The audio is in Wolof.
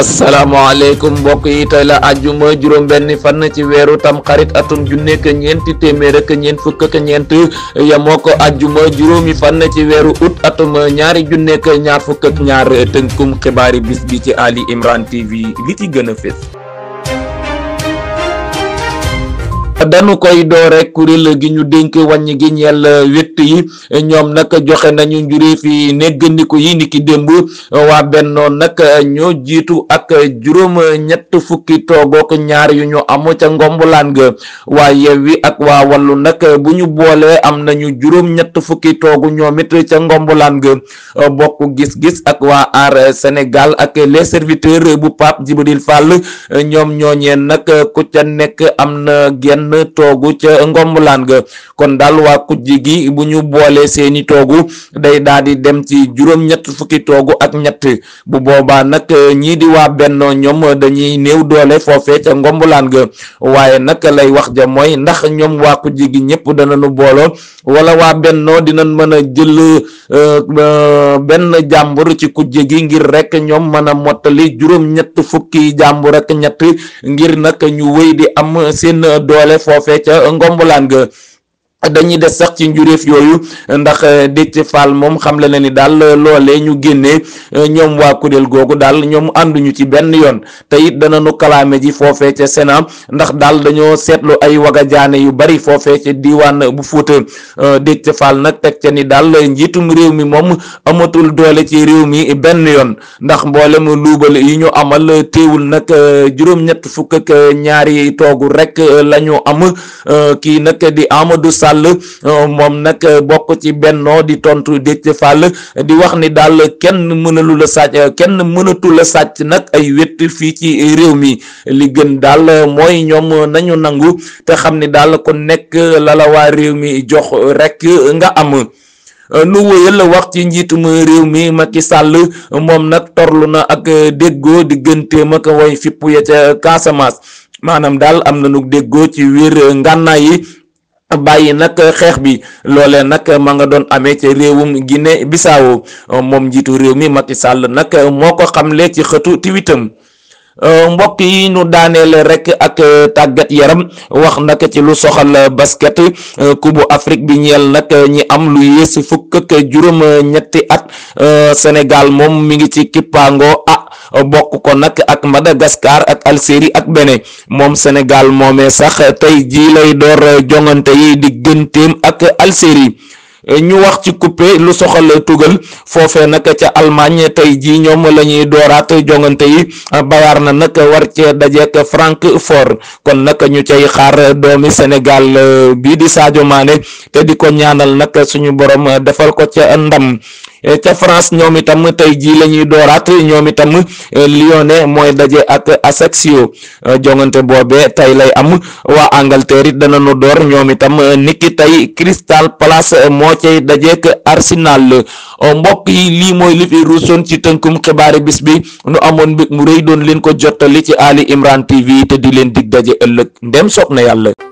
asalaamaaleykum mbokk yi tey la ajjuma juróom benn fan ci weeru tamxarit atum junne ak ñeenti téeméer ak ñeent fukk ak ñeent yemoo ko ajjuma juróomi fan ci weeru ut atum ñaari junne ak ñaar fukk ak ñaar tënkum xibaari bis bi ci Ali Imran TV li ci gën a fés. danu koy door rek kuréel gi ñu dénk wàññi gi ñeel wett yi ñoom nag joxe nañu njuree ne néggandiku yi ni ki démb waa bennoo nag ñoo jiitu ak juróom ñett fukki toogook ñaar yu ñu amu ca ngombulaan ga waa Yewwi ak waa Wallu nag bu ñu boolee am nañu juróom ñett fukki toogu ñoom ca ngombulaan ga bokk gis-gis ak waa aar senegal ak les serviteurs bu Pape Djibril Fall ñoom ñooñeen nag ku ca nekk am na gen benn toogu ca ngombulaan ga kon daal waa kujj gi bu ñu boolee seeni toogu day daal di dem ci juróom-ñett fukki toogu ak ñett bu boobaa nag eh, ñii di waa bennoo ñoom dañuy néew doole foofee ca ngombulaan ga waaye nag lay wax ja mooy ndax ñoom waa kujj gi ñëpp danañu booloo wala waa bennoo dina mën a jël eh, eh, benn jàmbur ci kujj gi ngir rek ñoom mën mottali juróom-ñett fukki jàmbur ak ñett ngir nag ñu wéy di am seen doole foofee ca ngombulaan ga dañuy des sax ci njuréef yooyu ndax euh, Déthié Fall moom xamle na ni daal euh, loole ñu génnee euh, ñoom waa kuréel googu daal ñoom ànduñu ci benn yoon te it danañu kalaame ji foofee ca Sénat ndax daal dañoo seetlu ay wagajaane yu bari foofee ca diwaan bu Fuuta Déthié Fall nag teg ca ni daal njiitum réew mi moom amatul doole ci réew mi benn yoon ndax mboolem luubal yi ñu amal teewul nag juróom-ñett fukk ak ñaari toogu rek la am kii nag di Amadou Sall Fall moom nag bokk ci bennoo di tontu Déthié Fall di wax ni daal kenn mënalu la sàcc kenn mënatu la sàcc nag ay wét fii ci réew mi li gën daal mooy ñoom nañu nangu te xam ni daal ku nekk la réew mi jox rekk nga am nu wëyal wax ci njiitum réew mi ma ki sàll moom nag torlu na ak déggoo digganteem ak way fippu ya ca Casamance maanaam daal am na nu déggoo ci wér ngànnaay bàyyi nag xeex bi loolee nag ma nga doon amee ca réewum gine Bissau moom njiitu réew mi Macky Sall nag moo ko xamle ci xëtu tiwitam mbokk yi ñu daaneele rek ak tàggat yaram wax nag ci lu soxal basket coupe Afrique bi ñeel nag ñi am lu yées fukk ak juróom ñetti at Sénégal moom mu ngi ci kippaango bokk ko nag ak Madagascar ak Algérie ak Bénin moom Sénégal moome sax tey jii lay door jongante yi digganteem ak Algérie ñu wax ci coupé lu soxal tugal foofe nag ca Allemagne tey jii ñoom lañuy ñuy dooraat jongante yi Bayern na nag war cee dajeek Francfort kon nag ñu cay xaar doomi Sénégal euh, bii di Sadio Mané te di ko ñaanal nag suñu borom defal ko ca ndam Eh, ca France ñoom itam tey jii la ñuy dooraat ñoom itam eh, Lyonnais mooy daje ak Ajaccio eh, jongante boobee tey lay am waa Angleterre it dana nu door ñoom itam nikki tey Crystal Palace moo cay dajeek Arsenal mbokk yi lii mooy li fi ci tënkum xibaari bis bi nu amoon mbég mu rëy doon leen ko jottali ci Ali Imran TV te di leen dig daje ëllëg ndem soog na yàlla